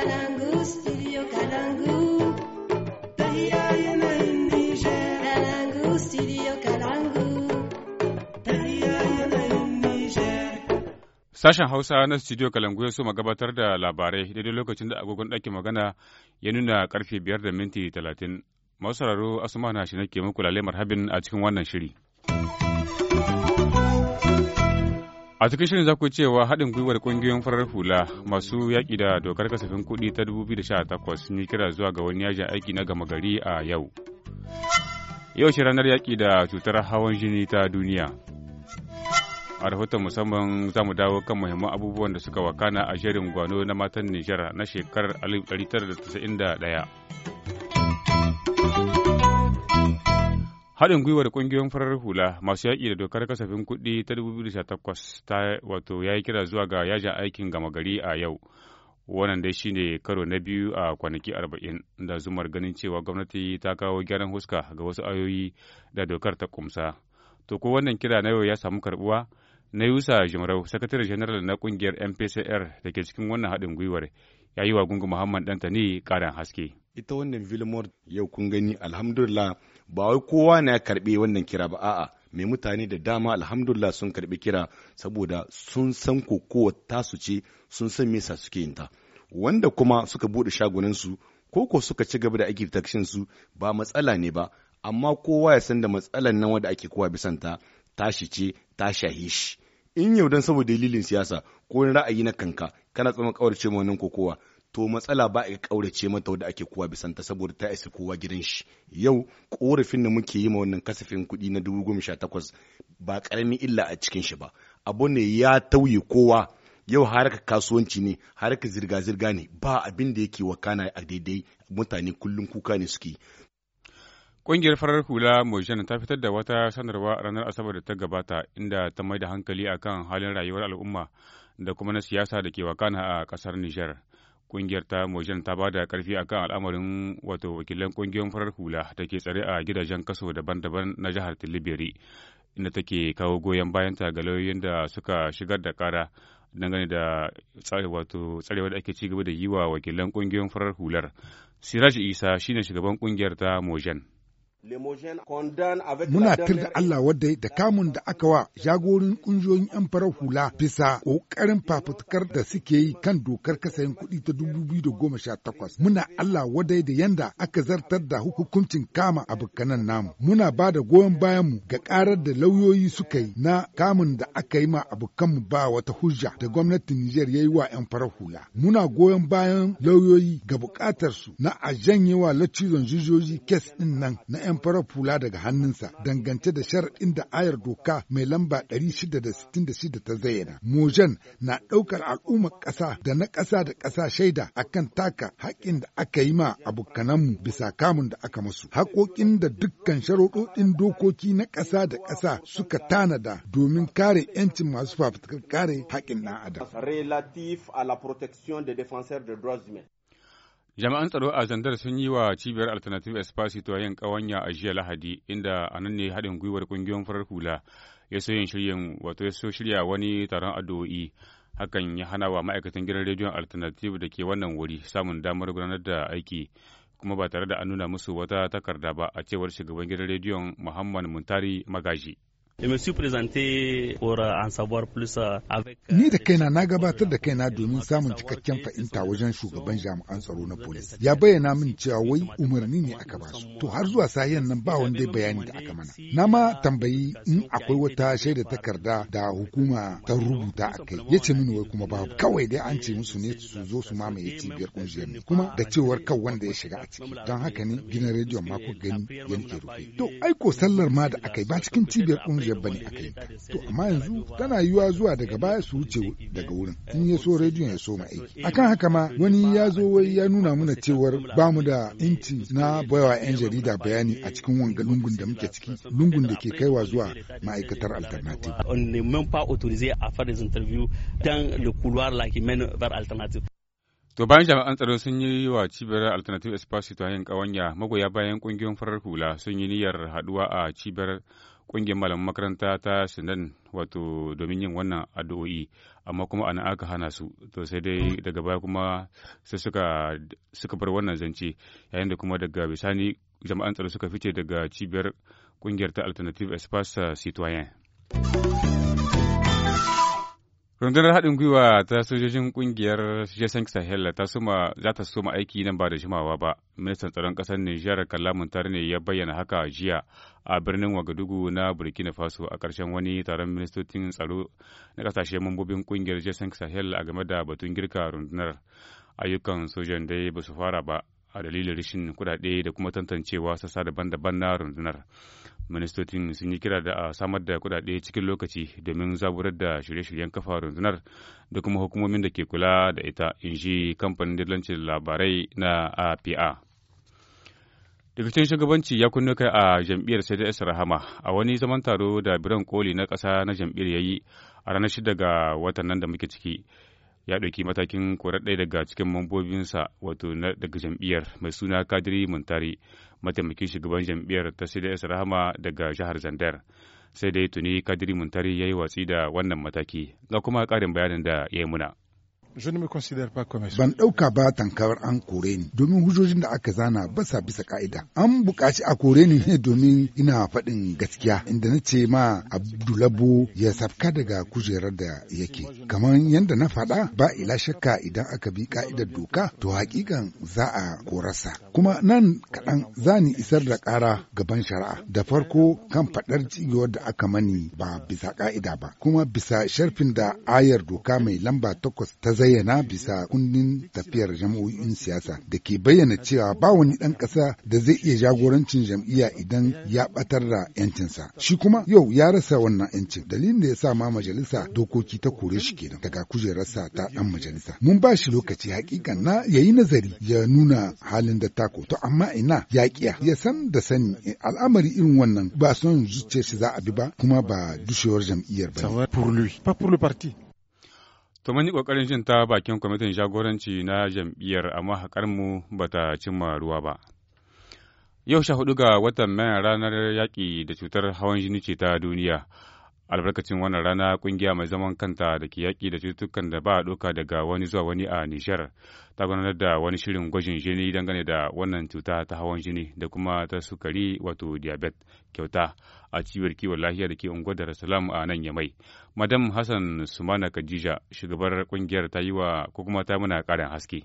Sashen Hausa na Studio Kalangu ya so gabatar da labarai daidai lokacin da agogon ɗakin magana ya nuna ƙarfe biyar da minti talatin. Masu sauraro Asuma na shi nake muku lalai marhabin a cikin wannan shiri. A cikin shirin za ku cewa haɗin gwiwar ƙungiyoyin farar hula masu yaƙi da dokar kasafin kuɗi ta 2018 sun yi kira zuwa ga wani yajin aiki na gama gari a yau. Yau shi ranar yaƙi da cutar hawan jini ta duniya. A rahoton musamman za mu dawo kan muhimman abubuwan da suka wakana a shirin gwano na matan Nijar na shekarar 1991. haɗin gwiwar ƙungiyoyin farar hula masu yaƙi da dokar kasafin kuɗi ta 2018 ta wato ya yi kira zuwa ga yajin aikin gama gari a yau wannan dai shine karo na biyu a kwanaki arba'in da zumar ganin cewa gwamnati ta kawo gyaran huska ga wasu ayoyi da dokar ta kumsa to ko wannan kira na yau ya samu karbuwa na yusa jimarau sakataren janaral na kungiyar mpcr da ke cikin wannan haɗin gwiwar ya yi wa gungu Muhammad danta ne ƙarin haske. Ita wannan Vilmor yau kun gani alhamdulillah ba wai kowa na ya karɓi wannan kira ba a'a mai mutane da dama alhamdulillah sun karɓi kira saboda sun san kokowa tasu ce sun san me suke yin ta. Wanda kuma suka buɗe shagonansu ko suka ci gaba da ake takshin su ba matsala ne ba amma kowa ya san da matsalan nan wanda ake kowa bisanta tashi ce ta shahi shi in yau don saboda dalilin siyasa ko wani ra'ayi na kanka kana tsaman kawarce ma wani kokowa to matsala ba a kaurace mata wadda ake kowa ta saboda ta isa kowa gidan shi yau korafin da muke yi ma wannan kasafin kuɗi na dubu goma sha takwas ba karami illa a cikin shi ba abu ne ya tauye kowa yau haraka kasuwanci ne harkar zirga-zirga ne ba abin da yake wakana a daidai mutane kullum kuka ne suke Ƙungiyar farar hula mojan ta fitar da wata sanarwa ranar Asabar da ta gabata inda ta mai da hankali akan halin rayuwar al'umma da kuma na siyasa da ke wakana a ƙasar Nijar. Ƙungiyar ta mojan ta ba da ƙarfi akan al'amarin wato wakilan ƙungiyar farar hula da ke tsare a gidajen kaso daban-daban na jihar Tilibiri inda take kawo goyon bayanta ga lauyoyin da suka shigar da ƙara dangane da wato tsarewa da ake ci gaba da yi wa wakilan ƙungiyoyin farar hular. Siraj Isa shine shugaban ƙungiyar ta mojan. Muna da Allah wadda da kamun da aka wa jagorin kungiyoyin 'yan farar hula bisa ƙoƙarin fafutukar da suke yi kan dokar kasayin kuɗi ta da sha 2018. Muna Allah wadda da yanda aka zartar da hukuncin kama abokanan namu. Muna ba da goyon bayanmu ga ƙarar da lauyoyi suka yi na kamun da aka yi ma abokanmu ba wata hujja da gwamnatin Nijar ya yi wa 'yan farar hula. Muna goyon bayan lauyoyi ga buƙatarsu na a janye wa lacizon jijiyoyi kes ɗin nan na 'yan farar fula daga hannunsa dangance da sharaɗin da ayar doka mai lamba 666 ta zayyana. Mojan na ɗaukar al'ummar ƙasa da na ƙasa da ƙasa shaida akan taka haƙƙin da aka yi ma abokananmu bisa kamun da aka masu Haƙoƙin da dukkan sharuɗoɗin dokoki na ƙasa da ƙasa suka tanada domin kare 'yancin masu fafutukar kare haƙƙin ɗan adam. Relatif la protection des défenseurs des droits jama'an tsaro a Zandar sun yi wa cibiyar Alternative Espacito yin kawanya a jiya Lahadi inda a nan ne haɗin gwiwar ƙungiyoyin farar hula ya so yin shiryin wato ya so shirya wani taron addu'o'i. Hakan ya hana wa ma'aikatan gidan rediyon Alternative da ke wannan wuri samun damar gudanar da aiki kuma ba tare da an nuna musu wata takarda ba a cewar shugaban gidan rediyon Muhammad Muntari Magaji. Euh, euh, euh, Ni da kaina na gabatar da kaina domin samun cikakken fahimta wajen shugaban jami'an tsaro na polis. Ya bayyana min cewa wai umarni ne aka ba su. To har zuwa sahiyan nan ba wanda ya bayani da aka mana. Na ma tambayi in akwai wata shaida takarda da hukuma ta rubuta a kai. Ya ce mini wai kuma babu. Kawai dai an ce musu ne su zo su mamaye cibiyar kungiyar ne. Kuma da cewar kan wanda ya shiga a ciki. Don haka ne gidan rediyon ma gani yanke rufe. To aiko sallar ma da aka yi ba cikin cibiyar kungiyar jirgin bane a kai to amma yanzu tana yiwuwa zuwa daga baya su wuce daga wurin in ya so rediyon ya so ma aiki akan haka ma wani ya zo wai ya nuna mana cewar ba mu da inci na baiwa yan jarida bayani a cikin wanga lungun da muke ciki lungun da ke kaiwa zuwa ma'aikatar alternative on ne même pas autorisé à faire des interviews dans le couloir là qui mène vers alternative To bayan jami'an tsaro sun yi wa cibiyar Alternative Espace Citoyen kawanya magoya bayan ƙungiyoyin farar hula sun yi niyyar haɗuwa a cibiyar ƙungiyar malaman makaranta ta sinan wato domin yin wannan addu'o'i amma kuma ana aka hana su to sai dai daga baya kuma sai suka suka bar wannan zance yayin da kuma daga bisani jama'an tsaro suka fice daga cibiyar ƙungiyar ta alternative espace citoyen. rundunar haɗin gwiwa ta sojojin ƙungiyar jason sahel ta suma za ta soma aiki nan ba da jimawa ba ministan tsaron ƙasar nijar kallamun ne ya bayyana haka jiya a birnin wagadugu na burkina faso a ƙarshen wani taron ministocin tsaro na ƙasashe mambobin ƙungiyar jason sahel a game da batun girka rundunar ayyukan sojan dai ba su fara ba a dalilin rashin kuɗaɗe da kuma tantancewa sassa daban-daban na rundunar ministocin sun yi kira da a samar da kuɗaɗe cikin lokaci domin zaburar da shirye-shiryen kafa rundunar da kuma hukumomin da ke kula da ita in ji kamfanin dillancin labarai na apa rikicin shugabanci ya kunno kai a jam'iyyar cds rahama a wani zaman taro da biran koli na ƙasa na jam'iyyar ya yi a ranar shida ga watan nan da muke ciki ya ɗauki matakin korar ɗaya daga cikin mambobinsa wato na daga jam'iyyar mai suna kadiri muntari mataimakin shugaban jam'iyyar ta cds rahama daga jihar zandar sai dai tuni kadiri muntari ya yi watsi da wannan mataki ga kuma ƙarin bayanin da ya yi muna. Ban ɗauka ba tankar an kore ni domin hujojin da aka zana ba sa bisa ka'ida. An buƙaci a kore ni ne domin ina faɗin gaskiya inda na ce ma Abdulabo ya safka daga kujerar da yake. Kamar yadda na faɗa ba ila shakka idan aka bi ka'idar doka to hakikan za a korarsa. Kuma nan kaɗan za ni isar da ƙara gaban shari'a da farko kan faɗar cigiyar da aka mani ba bisa ka'ida ba kuma bisa sharfin da ayar doka mai lamba takwas ta zai bayyana bisa kundin tafiyar jam'o'in siyasa da ke bayyana cewa ba wani ɗan ƙasa da zai iya jagorancin jam'iyya idan ya ɓatar da 'yancinsa. Shi kuma yau ya rasa wannan 'yancin dalilin da ya sa ma majalisa dokoki ta kore shi kenan daga kujerarsa ta ɗan majalisa. Mun ba shi lokaci hakikan na ya yi nazari ya nuna halin da tako to amma ina ya kiya ya san da sani eh, al'amari irin wannan ba son zuciyar shi za a bi ba kuma ba dushewar jam'iyyar ba. Pour To mun yi ƙoƙarin jin ta bakin kwamitin jagoranci na jam'iyyar amma haƙarmu ba ta cimma ruwa ba. Yau sha hudu ga watan Mayan ranar yaƙi da cutar hawan jini ce ta duniya. albarkacin wannan rana kungiya mai zaman kanta da ke yaƙi da cututtukan da ba a ɗauka daga wani zuwa wani a Nijar ta gudanar da wani shirin gwajin jini dangane da wannan cuta ta hawan jini da kuma ta sukari wato diyabet kyauta a cibiyar kiwon lafiya da ke unguwar Dar Salaam a nan Yamai. Madam Hassan Sumana Kadija shugabar kungiyar ta yi wa ko kuma ta muna ƙarin haske.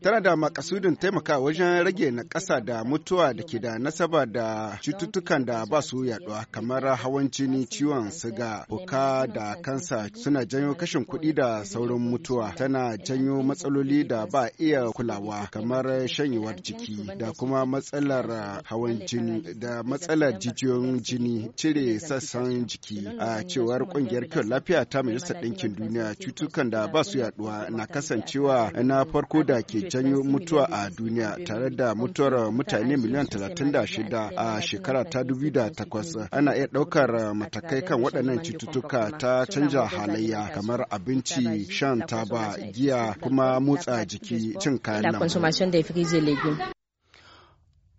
Tana da makasudin taimaka wajen rage na ƙasa da mutuwa da ke da nasaba da cututtukan da ba su yaduwa kamar hawan jini, ciwon siga, buka da kansa suna janyo kashin kuɗi da saurin mutuwa. Tana janyo matsaloli da ba iya kulawa kamar shanyewar jiki da kuma matsalar hawan jini da matsalar jijiyoyin jini cire sassan jiki a cewar ƙungiyar kyau lafiya ta Majalisar Ɗinkin Duniya cutukan da ba su yaduwa na kasancewa na farko da ke janyo mutuwa a duniya tare da mutuwar mutane miliyan 36 a shekara ta 2008 ana iya ɗaukar matakai kan waɗannan cututtuka ta canja halayya kamar abinci shan taba giya kuma motsa jiki cin kayan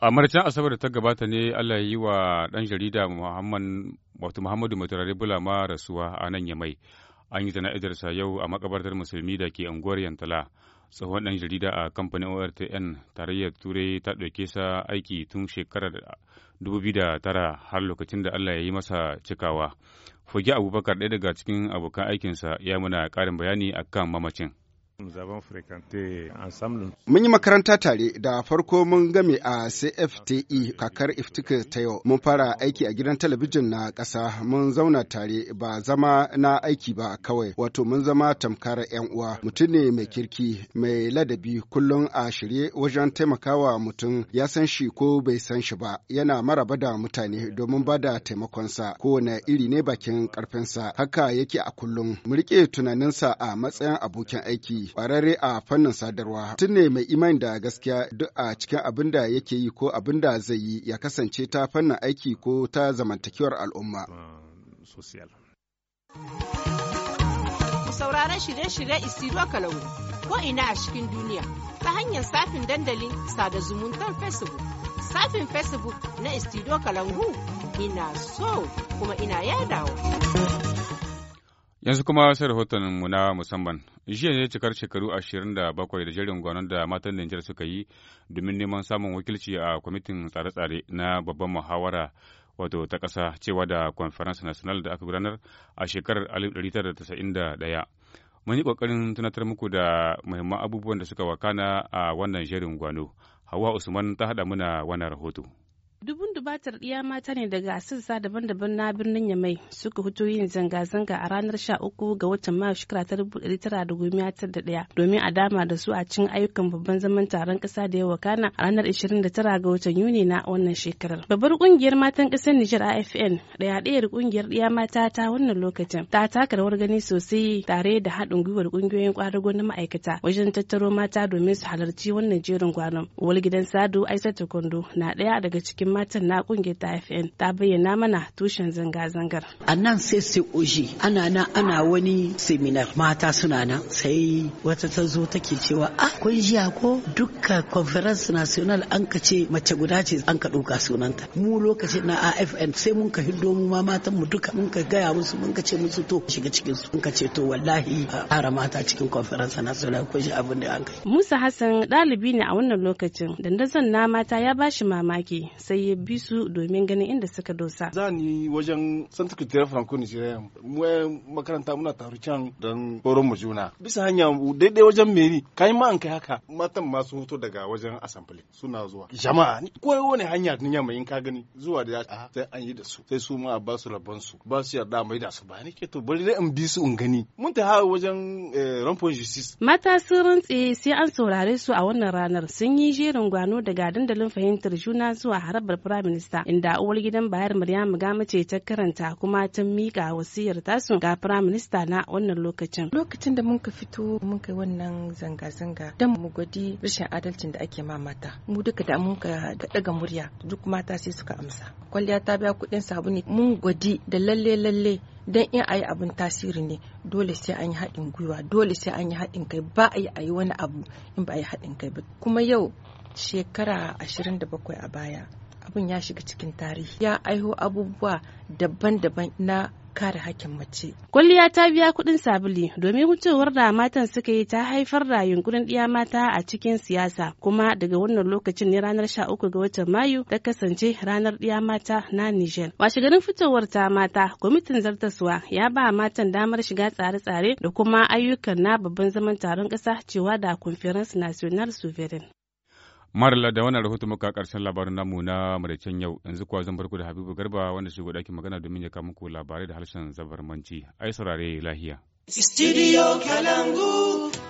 a maricin asabar da ta gabata ne allah yi wa ɗan jarida muhammadu mutarare bulama rasuwa a nan yamai an yi jana'idarsa yau a makabartar musulmi da ke unguwar yantala tsohon ɗan jarida a kamfanin ortn tarayyar turai ta ɗauke sa aiki tun shekarar 2009 har lokacin da allah ya yi masa cikawa fage abubakar ɗaya daga cikin abokan aikinsa ya muna ƙarin bayani akan mamacin Mun yi makaranta tare da farko mun game a CFTE kakar iftika ta yau. Mun fara aiki a gidan talabijin na ƙasa mun zauna tare ba zama na aiki ba kawai wato mun zama tamkar 'yan uwa. Mutum ne mai kirki mai ladabi kullum a shirye wajen taimakawa mutum ya san shi ko bai san shi ba yana maraba da mutane domin ba da taimakonsa kowane iri ne bakin ƙarfinsa haka yake a kullum. Mu riƙe tunaninsa a matsayin abokin aiki kwararre a fannin sadarwa tun ne mai imani da gaskiya duk a cikin abin da yake yi ko abin da zai yi ya kasance ta fannin aiki ko ta zamantakewar al'umma. Sauraron shirye shiryen Isiro Kalau ko ina a cikin duniya ta hanyar safin dandalin sada zumuntar Facebook. Safin Facebook na Isiro Kalangu ina so kuma ina yadawa. Yanzu kuma sai rahoton mu na musamman Jiya ne cikar shekaru ashirin da bakwai da jerin gwanon da matan Nijar suka yi domin neman samun wakilci a kwamitin tsare-tsare na babban muhawara wato ta ƙasa cewa da Conference National da aka gudanar a shekarar 1991. Mun yi ƙoƙarin tunatar muku da muhimman abubuwan da suka wakana a wannan jerin gwano. Hawa Usman ta haɗa muna wannan rahoto. Dubun dubatar ɗiya mata ne daga sassa daban-daban na birnin Yamai suka fito yin zanga-zanga a ranar 13 ga watan Mayu shekara ta daya, domin a dama da su a cikin ayyukan babban zaman taron ƙasa da yawa kana a ranar 29 ga watan Yuni na wannan shekarar. Babbar ƙungiyar matan ƙasar Nijar AFN ɗaya ɗayar ƙungiyar ɗiya mata ta wannan lokacin ta taka rawar gani sosai tare da haɗin gwiwar ƙungiyoyin ƙwarago na ma'aikata wajen tattaro mata domin su halarci wannan jerin gwanon. Uwar gidan Sadu Aisatu Takwando na ɗaya daga cikin matan na kungiyar ta FN ta bayyana mana tushen zanga-zangar. A nan sai COG ana nan ana wani seminar mata suna nan sai wata ta zo take cewa a ah, kun jiya ko dukkan conference national an ka ce mace guda ce an ka ɗauka sunanta. Mu lokacin na AFN sai mun ka hiddo mu ma matan mu duka mun ka gaya musu mun ka ce musu to shiga cikin su mun ka ce to wallahi a mata cikin conference national kun shi abin da an kai. Musa Hassan ɗalibi ne a wannan lokacin dandazon na mata ya bashi mamaki sai ya bi su domin ganin inda suka dosa. Za ni wajen Santa Kutura Franco Nigeria mu makaranta muna taru can don horon mu juna. Bisa hanya daidai wajen meri ka ma an kai haka matan ma sun fito daga wajen asambili suna zuwa. Jama'a ko wani hanya ni yamma in ka gani zuwa da ah, sai an yi da su sai su ma ba su rabon su ba su yarda mai da su ba ni ke to bari dai in bi su in gani. Mun ta hawa wajen eh, Rampon Justice. Mata sun rantse sai an saurare su a wannan ranar sun yi jerin gwano daga dandalin fahimtar juna zuwa harab harbar firaminista inda uwar gidan bayar Maryam Gama ce ta karanta kuma ta mika wasiyar tasu ga firaminista na wannan lokacin lokacin da muka fito muka wannan zanga-zanga don mu gwadi rashin adalcin da ake mamata mu duka da muka daga murya duk mata sai suka amsa kwalliya ta biya kuɗin sabuni mun gwadi da lalle lalle don in a yi abin tasiri ne dole sai an yi haɗin gwiwa dole sai an yi haɗin kai ba a yi a yi wani abu in ba a yi haɗin kai ba kuma yau shekara da bakwai a baya abin ya shiga cikin tarihi ya aiho abubuwa daban-daban na kare hakkin mace. Kwalliya ta biya kuɗin sabuli domin wucewar da matan suka yi ta haifar da yunkurin ɗiya mata a cikin siyasa kuma daga wannan lokacin ne ranar sha uku ga watan Mayu ta kasance ranar ɗiya mata na Niger. Washe garin fitowar ta mata kwamitin zartaswa ya ba matan damar shiga tsare-tsare da kuma ayyukan na babban zaman taron ƙasa cewa da Conference National Sovereign. Marla da wannan rahoton muka karshen labarin namu na maraicen yau yanzu kuwa zan barku da Habibu Garba wanda shi ɗakin magana domin ya kawo muku labarai da harshen zabarmanci. Ai saurare lahiya. Studio Kalangu.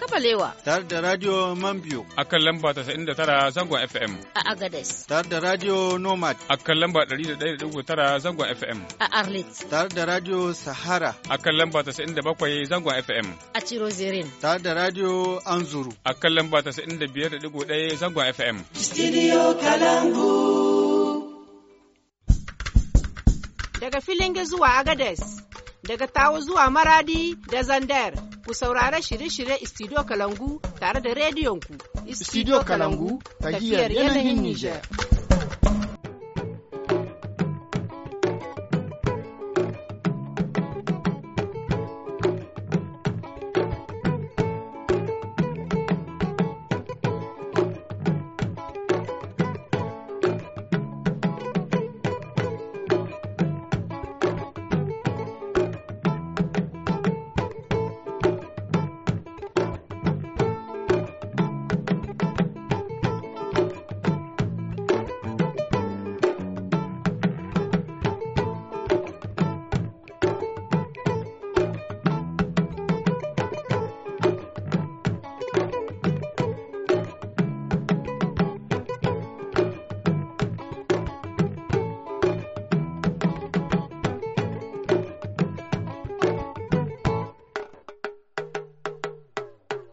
Kabalewa. Tare da Radio mambio. A kan lamba tara zangon FM. A Agades. Tare da Radio Nomad. A kan lamba tara zangon FM. A Arlit. Tare da Radio Sahara. A kan lamba bakwai zangon FM. A Chirozirin. Tare da Radio Anzuru. A kan lamba biyar 95.1 zangon FM. Studio Kalangu. Daga filin zuwa Agades. daga Tawo zuwa Maradi da Zandar. Ku saurare shirye-shirye Studio Kalangu tare da rediyonku. Studio Kalangu, tafiyar yanayin Nijar.